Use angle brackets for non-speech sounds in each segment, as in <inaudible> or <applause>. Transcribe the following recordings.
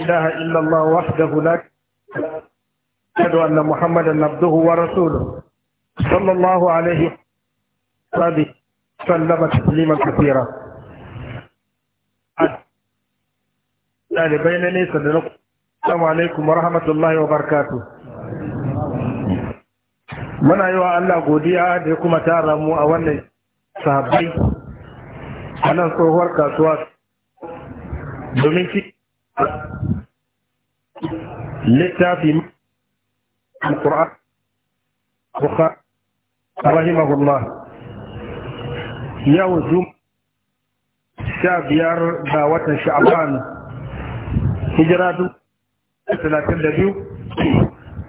إله إلا الله وحده لا أشهد أن محمدا عبده ورسوله صلى الله عليه وسلم تسليما كثيرا ɗalibai nesa da na Assalamu alaikum wa rahmatullahi wa barakatu. Muna yi wa Allah godiya da ya kuma tara mu a wannan sahabbai a nan tsohuwar kasuwa domin ci littafi al-Qur'an Bukhari rahimahullah yau zum sha biyar ga watan sha'ban hijira duk talatin da biyu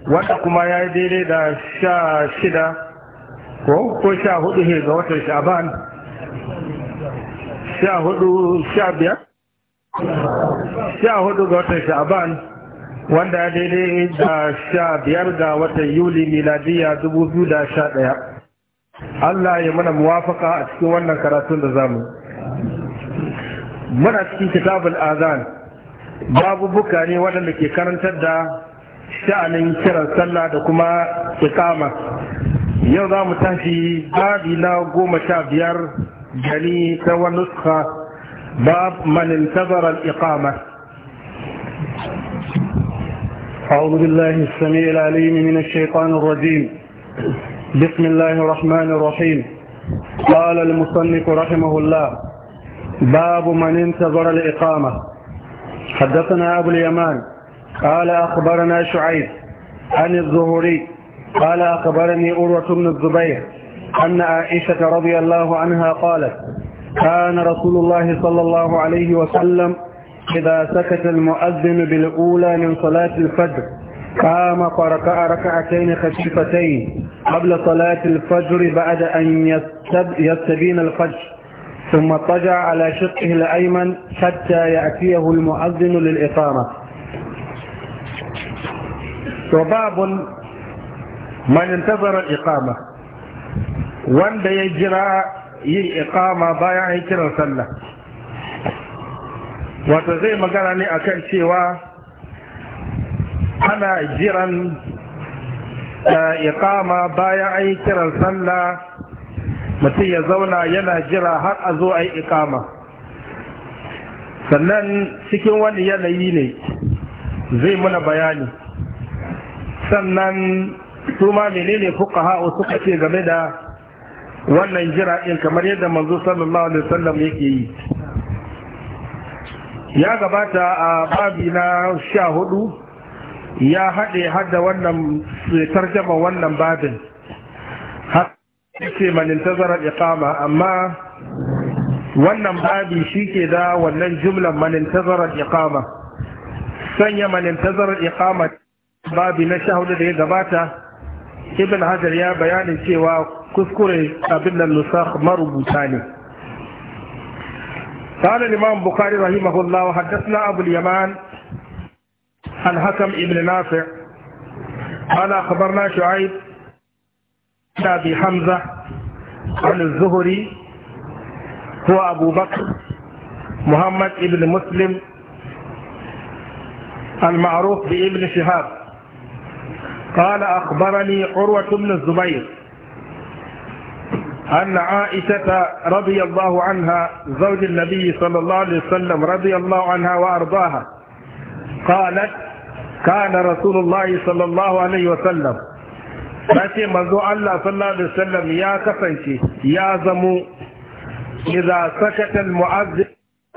wanda kuma ya yi daidai da sha shida ko sha hudu ne ga watan sha'aban, sha sha hudu watan wanda ya daidai da sha biyar ga watan yuli miladiya dubu biyu da sha ɗaya allah ya mana muwafaka a cikin wannan karatun da zamu muna cikin kitabul azan babu buka ne waɗanda ke karantar da sha'anin kiran sallah da kuma ikama yau za mu tashi babi na goma sha biyar gani ta wani nuska bab manin tazarar al أعوذ بالله السميع العليم من الشيطان الرجيم بسم الله الرحمن الرحيم قال المصنف رحمه الله باب من انتظر الإقامة حدثنا أبو اليمان قال أخبرنا شعيب عن الزهري قال أخبرني أروة بن الزبير أن عائشة رضي الله عنها قالت كان رسول الله صلى الله عليه وسلم إذا سكت المؤذن بالأولى من صلاة الفجر قام فركع ركعتين خفيفتين قبل صلاة الفجر بعد أن يستبين الفجر ثم اضطجع على شقه الأيمن حتى يأتيه المؤذن للإقامة وباب من انتظر الإقامة وان يجرى إقامة بايع كرة سنة wato zai magana ne akan cewa ana jiran eh, iqama bayan an yi kiran sallah mutum ya zauna yana jira har a zo a yi iqama sannan cikin wani yanayi ne zai muna bayani sannan kuma menene fuqaha suka ce game da wannan jira din kamar yadda manzo sallallahu alaihi wasallam yake yi ya gabata a babi na sha hudu ya haɗe hada wannan eh, tarjama wannan babin ce manintazarar ikama amma wannan babi shi ke da wannan jumlan manintazarar ikama sanya manintazarar ikama babi na sha hudu da ya gabata ibn hajar ya bayanin cewa kuskure abin da marubuta ne قال الإمام البخاري رحمه الله وحدثنا أبو اليمان عن حكم ابن نافع قال أخبرنا شعيب بن أبي حمزة عن الزهري هو أبو بكر محمد ابن مسلم المعروف بابن شهاب قال أخبرني عروة بن الزبير أن عائشة رضي الله عنها زوج النبي صلى الله عليه وسلم رضي الله عنها وأرضاها قالت كان رسول الله صلى الله عليه وسلم فأتي منذ الله صلى الله عليه وسلم يا كفنشي يا زمو إذا سكت المؤذن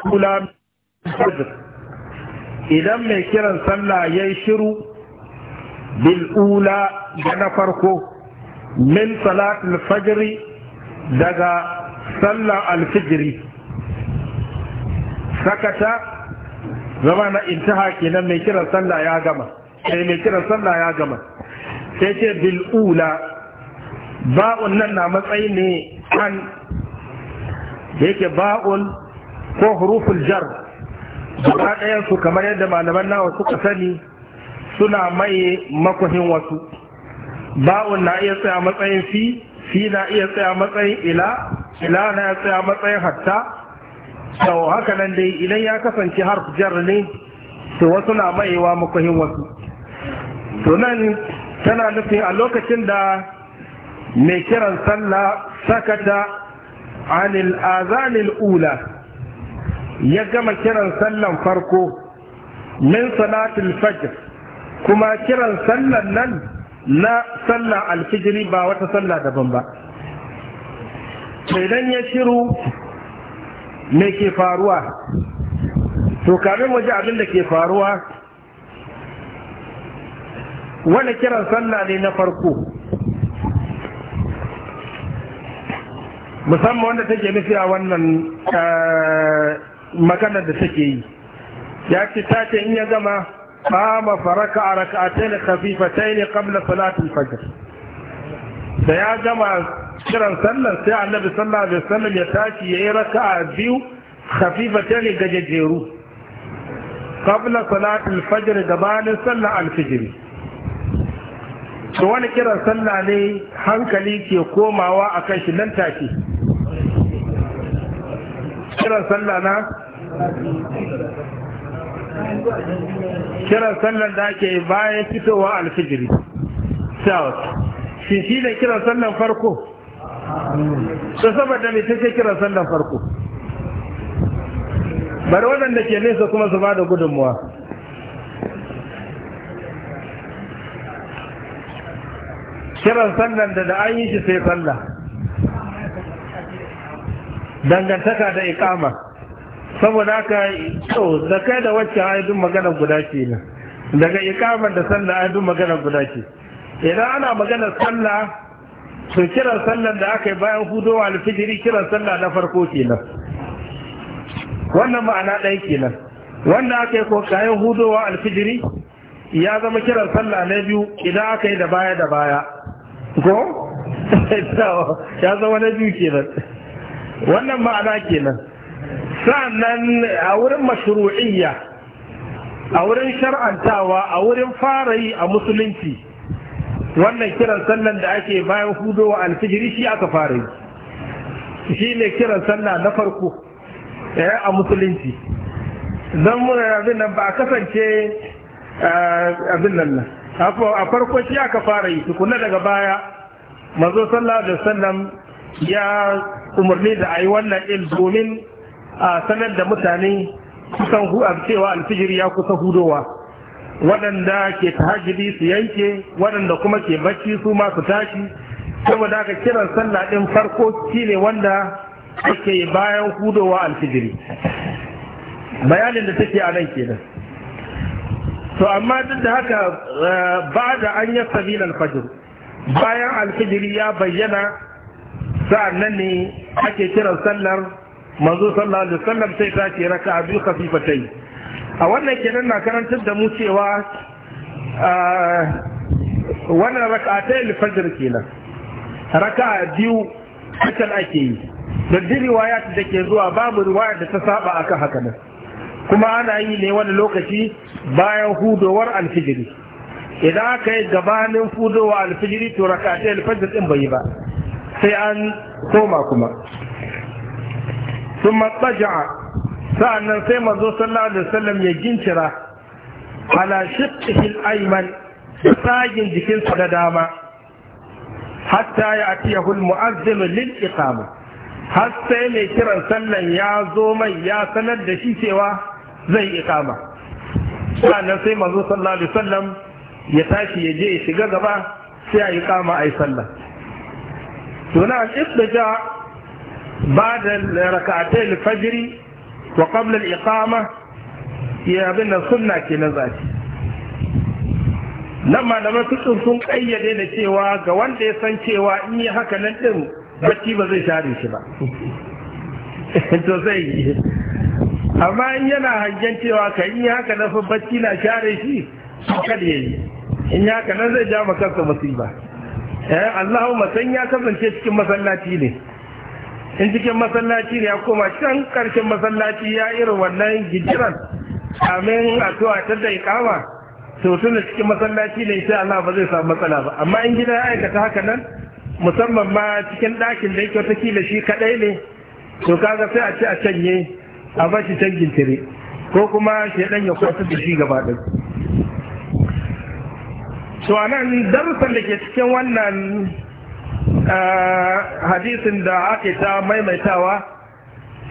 أولى إذا ما كرا صلى يشر بالأولى جنفركو من صلاة الفجر daga sallar alfijiri sakata zama na intaha kenan mai kiran sallah ya gama sai eh, mai kiran sallah ya gama sai ce bil'ula ba'un nan na matsayi ne an da yake ba'un ko huruful jar gaba ɗaya su kamar yadda malaman nawa suka sani suna maye makuhin wasu ba'un na iya tsaya matsayin fi Shi na iya tsaya matsayin ila ila na ya tsaya matsayin hatta sau haka nan dai idan ya kasance har jar ne to wasu na maiwa makuhin wasu to nan tana nufin a lokacin da mai kiran sallah sakata anil azanil ula ya gama kiran sallan farko min salatul fajr kuma kiran sallan nan na sallah alfijiri ba wata sallah daban ba dan ya shiru me ke faruwa to kamin waje abin da ke faruwa wani kiran sallah ne na farko musamman wanda take nufi a wannan eh, maganar da take yi ya ce ta ce in ya gama قام فركع ركعتين خفيفتين قبل صلاة الفجر da ya gama kiran sallar sai annabi sallallahu alaihi wasallam ya tashi yayi raka'a biyu khafifatan gajejeru qabla salati al-fajr gabanin sallar al-fajr to wani kiran sallah ne hankali ke komawa akan shi nan take kiran sallah na kiran sallan da ake bayan fitowa alfijiri south shi shi ne kiran sallan farko su saboda mai take kiran sallan farko bari waɗanda ke nesa kuma su ba da gudunmuwa kiran sallan da da an yi shi sai sallah dangantaka da ikama saboda haka to da kai da wacce duk magana guda ce ne daga ikamar da sallah duk magana guda ce idan ana magana sallah to kiran sallah da aka yi bayan wa alfijiri kiran sallah na farko kenan wannan ma'ana ɗaya kenan wanda aka yi hudu wa alfijiri ya zama kiran sallah na biyu idan aka yi da baya da baya ko <laughs> ya zama na biyu kenan wannan ma'ana kenan sa'annan a wurin mashuru'iyya a wurin shar'antawa a wurin fara yi a musulunci wannan kiran sallan da ake bayan hudowa alfijiri shi aka fara yi shi ne kiran sallah na farko eh, a musulunci don muna abin nan ba a kasance eh, abin nan nan a farko shi aka fara yi tukuna daga baya mazo sallah da sallam ya umarni da a yi wannan il domin a sanar da mutane kusan hu cewa alfijir ya kusa hudowa waɗanda ke tahajiri su yanke waɗanda kuma ke bacci su masu tashi saboda aka kiran sallah ɗin farko shine wanda ake bayan hudowa alfijiri bayanin da take a nan kenan to amma duk da haka eh, ba da an yi sabil alfajir bayan alfijiri ya bayyana sa'an nan ne ake kiran sallar manzo sallallahu alaihi wasallam sai ta ce raka'a biyu khafifatai a wannan kenan na karantar da mu cewa wannan raka'atai al-fajr kenan raka'a biyu hakan ake yi da waya da ke zuwa babu riwaya da ta saba akan haka nan kuma ana yi ne wani lokaci bayan hudowar alfijiri idan aka yi gabanin hudowar alfijiri to rakatai alfajir din bai yi ba sai an koma kuma sun matsaja sa'annan sai mazo sallallahu alaihi wasallam ya gincira ala shiqqihi al-ayman sagin jikinsa da dama hatta ya atiyahu al-mu'azzim lil iqama har sai mai kiran sallan ya zo mai ya sanar da shi cewa zai iqama sa'annan sai mazo sallallahu alaihi wasallam ya tashi ya je ya shiga gaba sai a iqama ai sallah to na al-ibtija بعد ركعتي الفجر وقبل الإقامة يابن سنة كنزاتي nan malaman fikin sun kayyade da cewa ga wanda ya san cewa in yi haka nan bacci ba zai share shi ba to yana hangen cewa ka yi haka na bacci na share shi kada ya yi in yi haka nan zai ja makarsa musiba eh Allahumma san ya kasance cikin masallaci ne in cikin masallaci ne ya koma can karshen masallaci ya irin wannan gijiran amin a to a tadda ikama to tun cikin masallaci ne sai Allah ba zai samu matsala ba amma in gida ya aikata haka nan musamman ma cikin ɗakin da yake wata kila shi kaɗai ne to kaga sai a ci a canye a ba shi can gintire ko kuma shaidan ya kwatar da shi gaba to anan darussan da ke cikin wannan hadisin da ake ta maimaitawa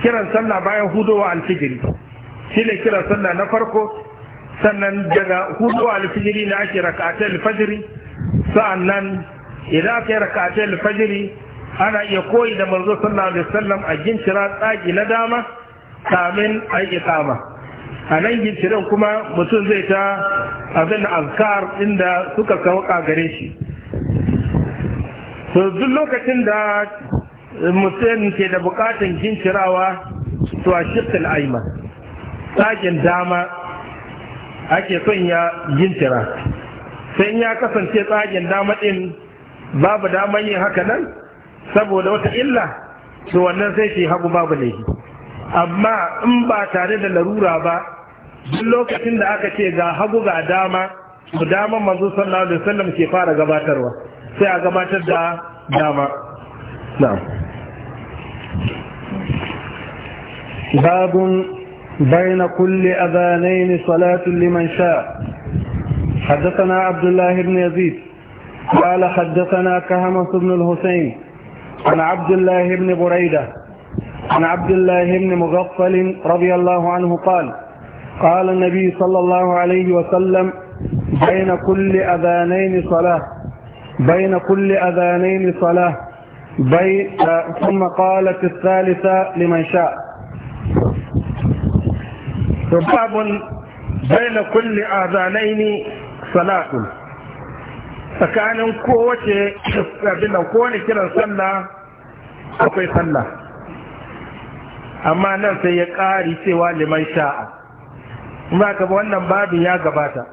kiran sallah bayan hudowa alfijiri shi ne kiran sallah na farko sannan daga hudowa alfijiri ne ake rakatai alfajiri sa'annan idan aka yi rakatai alfajiri ana iya koyi da manzo sallah alaihi sallam a gincira tsagi na dama kamin a yi a nan ginciran kuma mutum zai ta abin azkar inda suka sauka gare shi to duk lokacin da musulmi ke da bukatan jinkirawa to a shiftal aiman tsakin dama ake son ya jinkira sai ya kasance tsakin dama din babu dama yin haka nan saboda wata illa to wannan sai ke hagu babu laifi amma in ba tare da larura ba duk lokacin da aka ce ga hagu ga dama to daman manzo sallallahu alaihi wasallam ke fara gabatarwa sai a gabatar da dama na'am باب بين كل أذانين صلاة لمن شاء حدثنا عبد الله بن يزيد قال حدثنا كهمس بن الحسين عن عبد الله بن بريدة عن عبد الله بن مغفل رضي الله عنه قال قال النبي صلى الله عليه وسلم بين كل أذانين صلاة بين كل أذانين صلاة بي... ثم قالت الثالثة لمن شاء باب بين كل أذانين صلاة tsakanin kowace abin kowane kiran sallah akwai sallah amma nan sai ya ƙari cewa liman sha'a kuma ka wannan babin ya gabata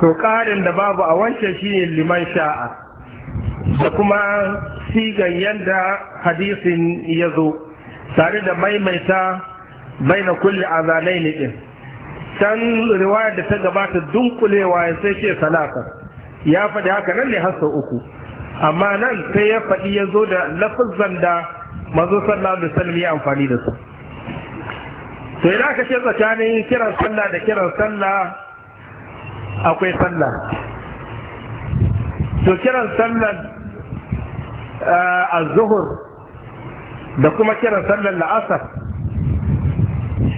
to ƙarin da babu a wancan shine liman sha'a da kuma sigan yadda hadisin ya zo tare da maimaita na kulle a azanai ne ɗin, can riwayar da ta gabata dunkulewa ya sai ce salata ya faɗi haka nan ne har uku amma nan sai ya faɗi ya zo da lafazan da mazo sallallahu alaihi wasallam ya amfani da su to idan aka ce tsakanin kiran sallah da kiran sallah akwai sallah to kiran sallar eh, az-zuhur da kuma kiran sallar la'asar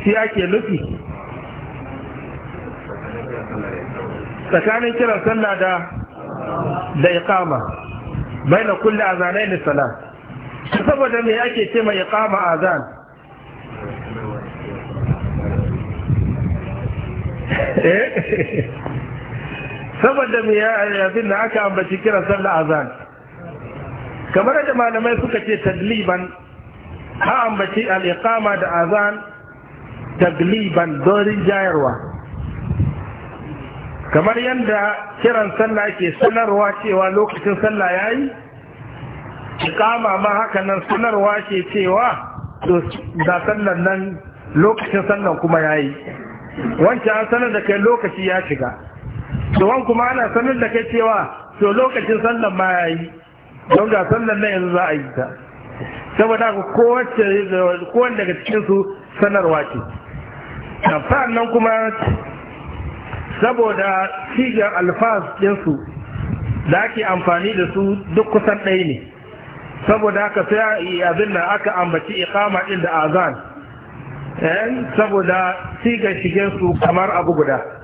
shi ake nufi tsakanin kiran sallah da da iqama baina kulli azanain salat saboda me ake ce mai iqama azan eh <laughs> saboda mai yafin da aka ambaci kiran sallah azan kamar da malamai suka ce tagliban ha ambaci al'iqama da azan tagliban don jayarwa kamar yadda kiran sallah ke sanarwa cewa lokacin sallah ya yi iqama ma haka nan sanarwa ke cewa da sallan nan lokacin sallan kuma ya yi wancan an sanar da kai lokaci ya shiga domin kuma ana sanar da kai cewa to lokacin sallan ma ya yi don ga sallan na yanzu za a yi ta saboda ko kowace daga cikin su sanarwa ce nan kuma saboda sigar alfaz ɗinsu da ake amfani da su duk kusan ɗaya ne saboda haka sai abin da aka ambaci ikama ɗin da azan eh, saboda sigar shigensu kamar abu guda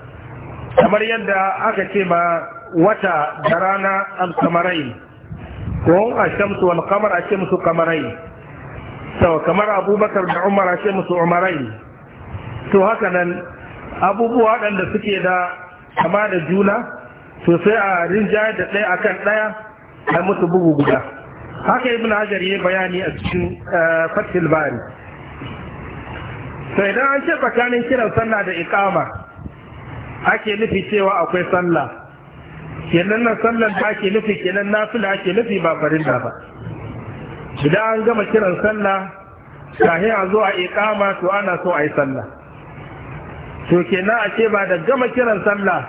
kamar yadda aka ce ba wata da rana al-kamarai ko a shamsu wal kamar a ce musu kamarai sau kamar abubakar da umar a ce musu umarai to haka nan abubuwa waɗanda suke da kama da juna sosai a rinja da ɗaya akan ɗaya a musu bugu guda haka ibn hajar ya bayani a cikin eh, fatil bari sai idan an ce tsakanin kiran sallah da iqama ake nufi cewa akwai sallah kenan nan sallah da ake nufi kenan nafila ake nufi ba da ba idan an gama kiran sallah kafin a zo a iqama to ana so a yi sallah to kenan a ce ba da gama kiran sallah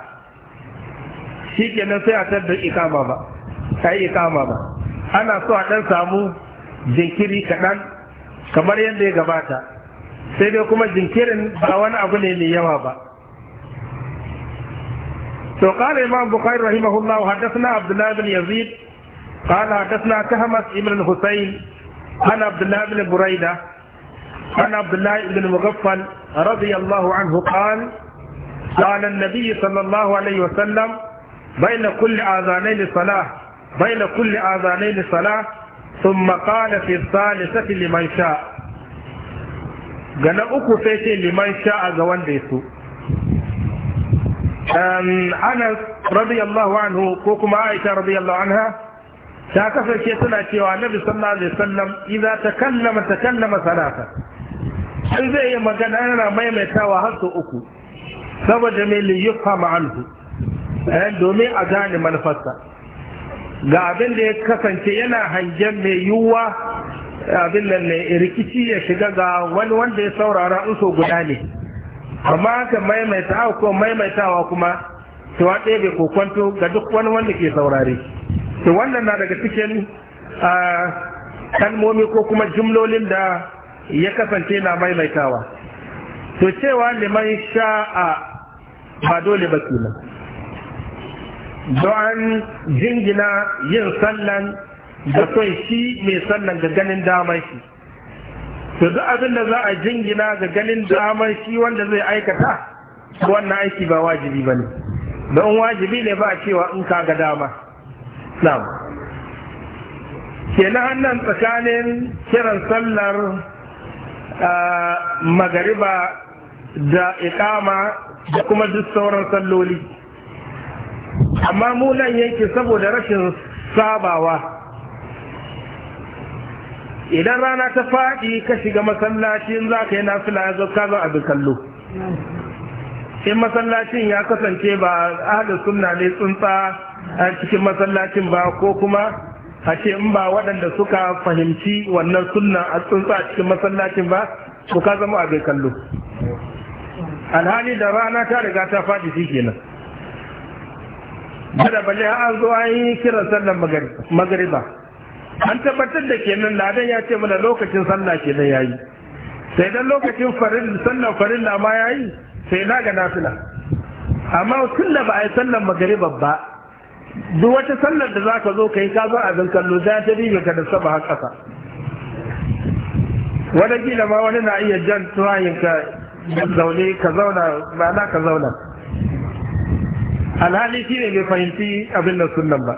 shi kenan sai a tar da iqama ba a yi iqama ba ana so a dan samu jinkiri kaɗan kamar yadda ya gabata sai dai kuma jinkirin ba wani abu ne mai yawa ba to qala imam bukhari rahimahullah hadathna abdullah bin yazid qala hadathna kahmas ibn al-husayn an abdullah bin burayda an abdullah ibn mughaffal radiyallahu anhu qala قال النبي صلى الله عليه وسلم بين كل آذانين صلاة بين كل آذانين صلاة ثم قال في الثالثة لمن شاء gana uku sai ce sha a ga wanda ya anas radiyallahu anhu ko kuma aisha radiyallahu anha ta kasance tana cewa Nabi sallallahu alaihi wasallam idza takallama takallama salata in zai yi magana yana maimaitawa har sau uku saboda mai liyufa ma'anhu eh, domin a gane manufarsa ga abin da ya kasance yana hangen mai yiwuwa abin nan ne rikici ya shiga ga wani wanda ya saurara uso guda ne amma aka maimaita a ko maimaitawa kuma to an ɗebe kokonto ga duk wani wanda ke saurare to wannan na daga cikin kalmomi ko kuma jumlolin da ya kasance na maimaitawa to cewa liman sha'a ba dole ba kenan don jingina yin sallan da son shi mai sallan ga ganin damar shi to duk abin da za a jingina ga ganin damar shi wanda zai aikata wannan aiki ba wajibi ba ne don wajibi ne ba a cewa in ka ga dama na'am kenan hannun tsakanin kiran sallar magariba da ikama da kuma duk sauran salloli amma mu nan yake saboda rashin sabawa idan rana ta faɗi ka shiga masallacin za ka yi fila ya zo zo abin kallo in masallacin ya kasance ba ahalin sunna ne tsuntsa a cikin masallacin ba ko kuma a ce in ba waɗanda suka fahimci wannan sunna a tsuntsa a cikin masallacin ba ko ka zama abin kallo alhali da rana ta riga ta faɗi shi kenan da balle an zo an yi kiran sallar magariba an tabbatar da kenan ladan ya ce mana lokacin sallah kenan yayi sai dan lokacin farin farin farilla ma yayi sai na ga nafila amma tunda ba a yi sallar magariba ba duk wata sallar da zaka zo kai ka zo abin kallo za ta ribe ka da saba har kasa wani gila ma wani na iya jan tuwayin ka zaune ka zauna ba na ka zauna alhali shi ne fahimci abin da sunan ba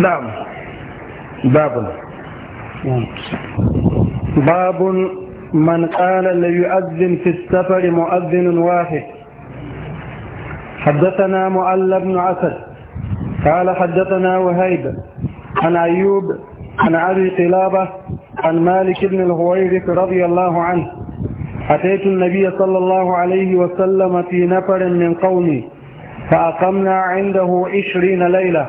نعم باب باب من قال ليؤذن في السفر مؤذن واحد حدثنا معل بن عسد قال حدثنا وهيب عن أيوب عن أبي قلابة عن مالك بن الهويرث رضي الله عنه أتيت النبي صلى الله عليه وسلم في نفر من قومي فأقمنا عنده عشرين ليلة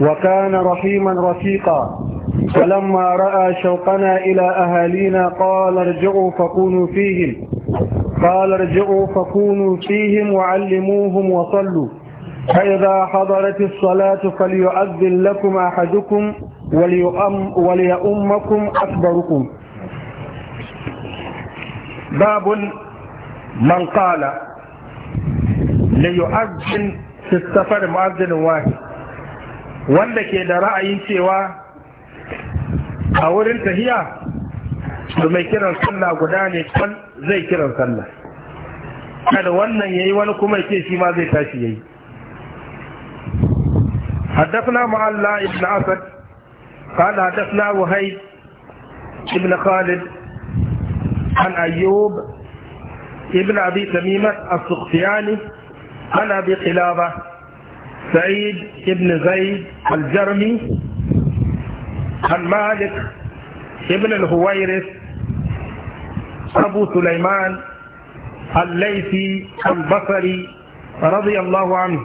وكان رحيما رفيقا فلما رأى شوقنا إلى أهالينا قال ارجعوا فكونوا فيهم قال ارجعوا فكونوا فيهم وعلموهم وصلوا فإذا حضرت الصلاة فليؤذن لكم أحدكم وليؤم وليؤمكم أكبركم باب من قال ليؤذن في السفر مؤذن واحد wanda ke da ra'ayin cewa a wurin tahiya da mai kiran salla guda ne kan zai kiran sallah kada wannan yayi wani kuma ke shi ma zai tashi yayi حدثنا معلى ابن أسد قال حدثنا Ibn ابن خالد عن أيوب ابن أبي تميمة السختياني عن أبي قلابة سعيد بن زيد الجرمي عن مالك بن الهويرث أبو سليمان الليثي البصري رضي الله عنه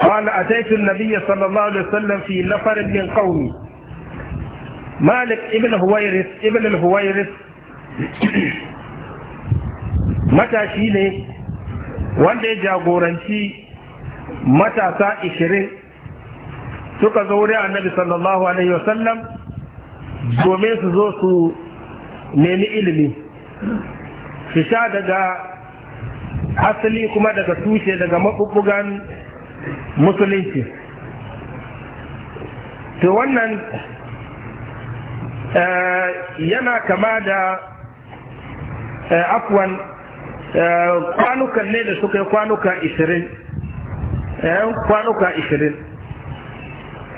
قال أتيت النبي صلى الله عليه وسلم في نفر من قومي مالك ابن هويرث ابن الهويرث متى شيني وانت ya matasa ishirin suka zo a annabi sallallahu alaihi wasallam domin su zo su nemi ilimi su sha daga asali kuma daga tushe daga maɓuɓɓugan musulunci to wannan eh, yana kama da eh, afwan eh, kwanukan ne da suka yi kwanuka ishirin. yan kwanuka ishirin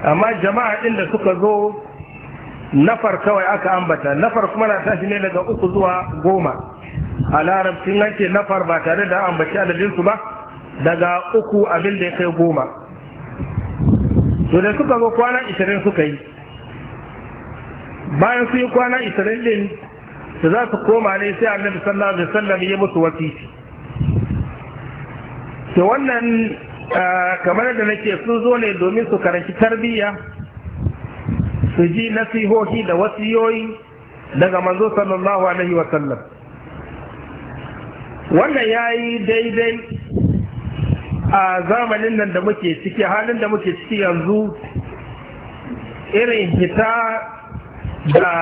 amma jama'a ɗin da suka zo nafar kawai aka ambata nafar kuma na tashi ne daga uku zuwa goma a larabcin yanke nafar ba tare da ambaci adadinsu ba daga uku abin da ya kai goma to da suka zo kwana ishirin suka yi bayan su yi kwana ishirin ɗin su za su koma ne sai annabi sallallahu alaihi wasallam ya musu wasi to wannan Ah, kamar da nake sun zo ne domin su karanci tarbiyya su ji nasihohi da wasiyoyi daga manzo sallallahu alaihi wa sallam wannan ya yi daidai a zamanin nan da muke ciki halin da muke ciki yanzu irin hita da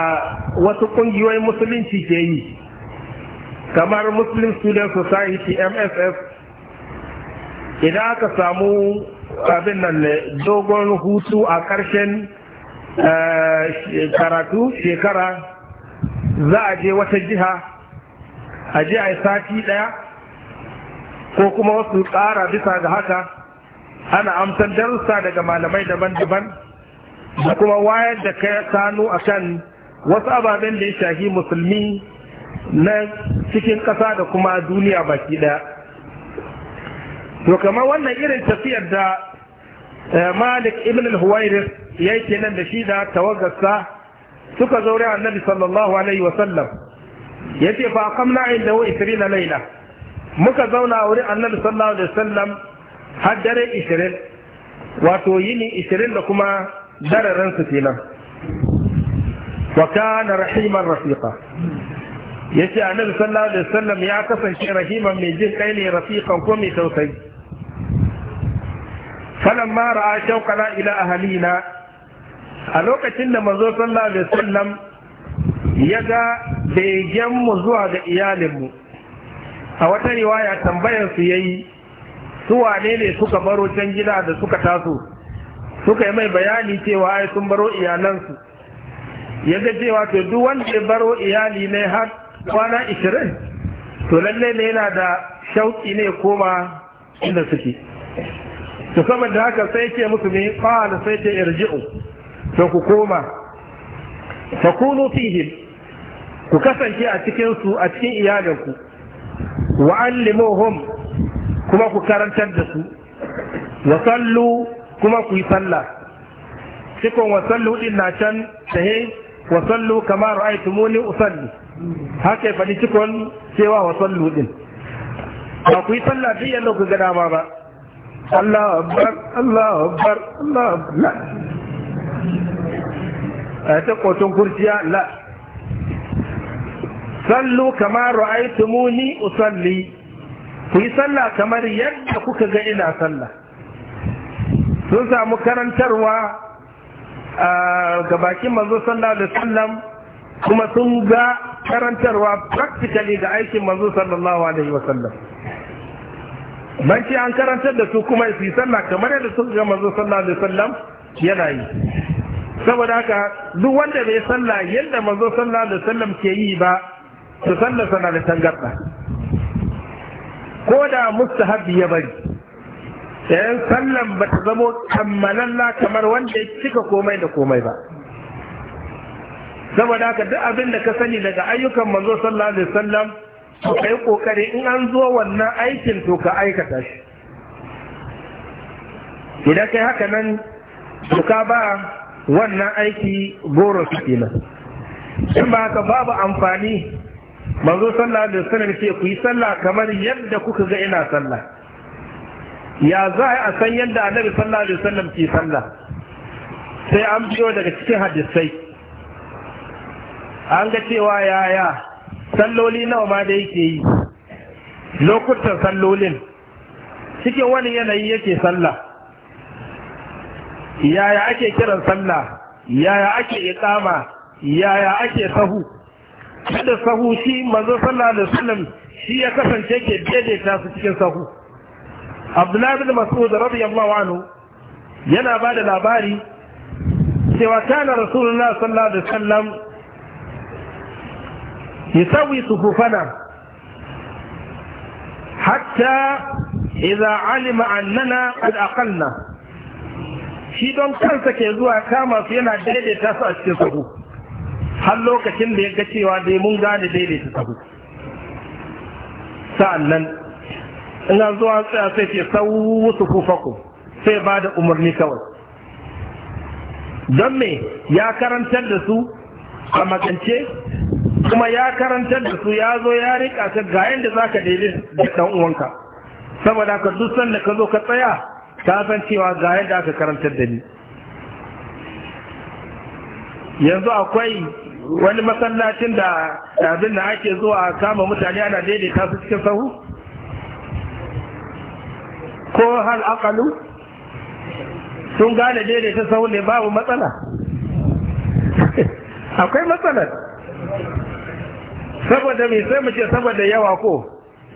wasu kungiyoyin musulunci ke yi kamar muslim student society mss idan aka samu abin nan dogon hutu a karshen eh, karatu shekara za a je wata jiha a je a yi sati ɗaya ko kuma wasu ƙara bisa ga haka ana amsar darussa daga malamai daban-daban da kuma wayar da kai sanu a kan wasu ababen da ya shafi musulmi na cikin ƙasa da kuma duniya baki ɗaya to kamar wannan irin tafiyar da eh, malik ibn al-huwairis ya yi kenan da shi da tawagarsa suka zo rai annabi sallallahu alaihi wasallam ya ce fa kam kamna inda wa isrina laila muka zauna a wurin annabi sallallahu alaihi wasallam har dare 20 wato yini 20 da kuma dararen su kenan wa kana rahiman rafiqa yace annabi sallallahu alaihi wasallam ya kasance rahiman mai jin kai ne rafiqan ko mai tausayi falan ma ra'a shauqana ila halina, a lokacin da manzo sallallahu alaihi wasallam ya ga begen mu zuwa ga iyalinmu a wata riwaya tambayar su yayi su wane ne suka baro can gida da suka taso suka yi mai bayani cewa ai sun baro iyalansu ya ga cewa to duk wanda ya baro iyali ne har kwana ishirin to lallai ne yana da shauki ne koma inda suke to da haka sai ce musu ne qala sai ce irji'u to ku koma fa kunu fihim ku kasance a cikin su a cikin iyalanku wa allimuhum kuma ku karantar da su wa sallu kuma ku yi sallah cikon wa sallu din na can tahe wa sallu kama ra'aytumuni usalli haka ya faɗi cikon cewa wa sallu din ba ku yi sallah duk yadda ku ga dama ba Allah Akbar Allah Akbar Allah Akbar la a ta kotun kurciya la sallu kama ra'aytumuni usalli ku yi sallah kamar yadda kuka ga ina sallah sun samu karantarwa ga bakin manzo sallallahu alaihi wasallam kuma sun ga karantarwa practically da aikin manzo sallallahu alaihi wasallam banci an karantar da su kuma su yi sallah kamar yadda suka ga manzo sallallahu alaihi wasallam yana yi saboda haka duk wanda bai sallah yadda manzo sallallahu alaihi wasallam ke yi ba to sallar sana da tangarda ko da mustahabi ya bari sayan eh, sallan ba ta zamo kammalalla kamar wanda ya cika komai da komai ba saboda haka duk abin da ka sani daga ayyukan manzo sallallahu alaihi wasallam to kai kokari in an zo wannan aikin to ka aikata shi idan kai haka nan to ka ba wannan aiki goro su kenan in ba haka babu amfani manzo sallah da wasallam ce ku yi sallah kamar yadda kuka ga ina sallah ya za a san yadda annabi sallallahu alaihi wasallam ke sallah sai an biyo daga cikin hadisai an ga cewa yaya salloli nawa ma da yake yi lokutan sallolin cikin wani yanayi yake sallah yaya ake kiran sallah yaya ake iqama yaya ake sahu kada sahu shi manzo sallallahu alaihi wasallam shi ya kasance ke daidaita su cikin sahu Abdullahi bin Mas'ud radiyallahu anhu yana bada labari cewa kana rasulullahi sallallahu alaihi wasallam يسوي صفوفنا حتى إذا علم أننا قد أقلنا shi don kansa ke zuwa kama su yana daidaita su a cikin sahu har lokacin da ya ga cewa dai mun gane daidaita sahu sa'annan ina zuwa tsaya sai ce sau su kufaku sai ba da umarni kawai don me ya karantar da su a magance kuma ya karantar da su ya zo ya rika ka ga yadda za ka daidai da ɗan’uwanka uwanka saboda ka duk sanda ka zo ka tsaya ka san cewa ga yadda aka karantar da ni yanzu akwai wani masallacin da abin da ake zuwa a kama mutane ana daidaita su cikin sahu ko hal akalu sun gane daidaita sahu ne babu matsala <laughs> akwai matsalar saboda mai sai mu ce saboda yawa ko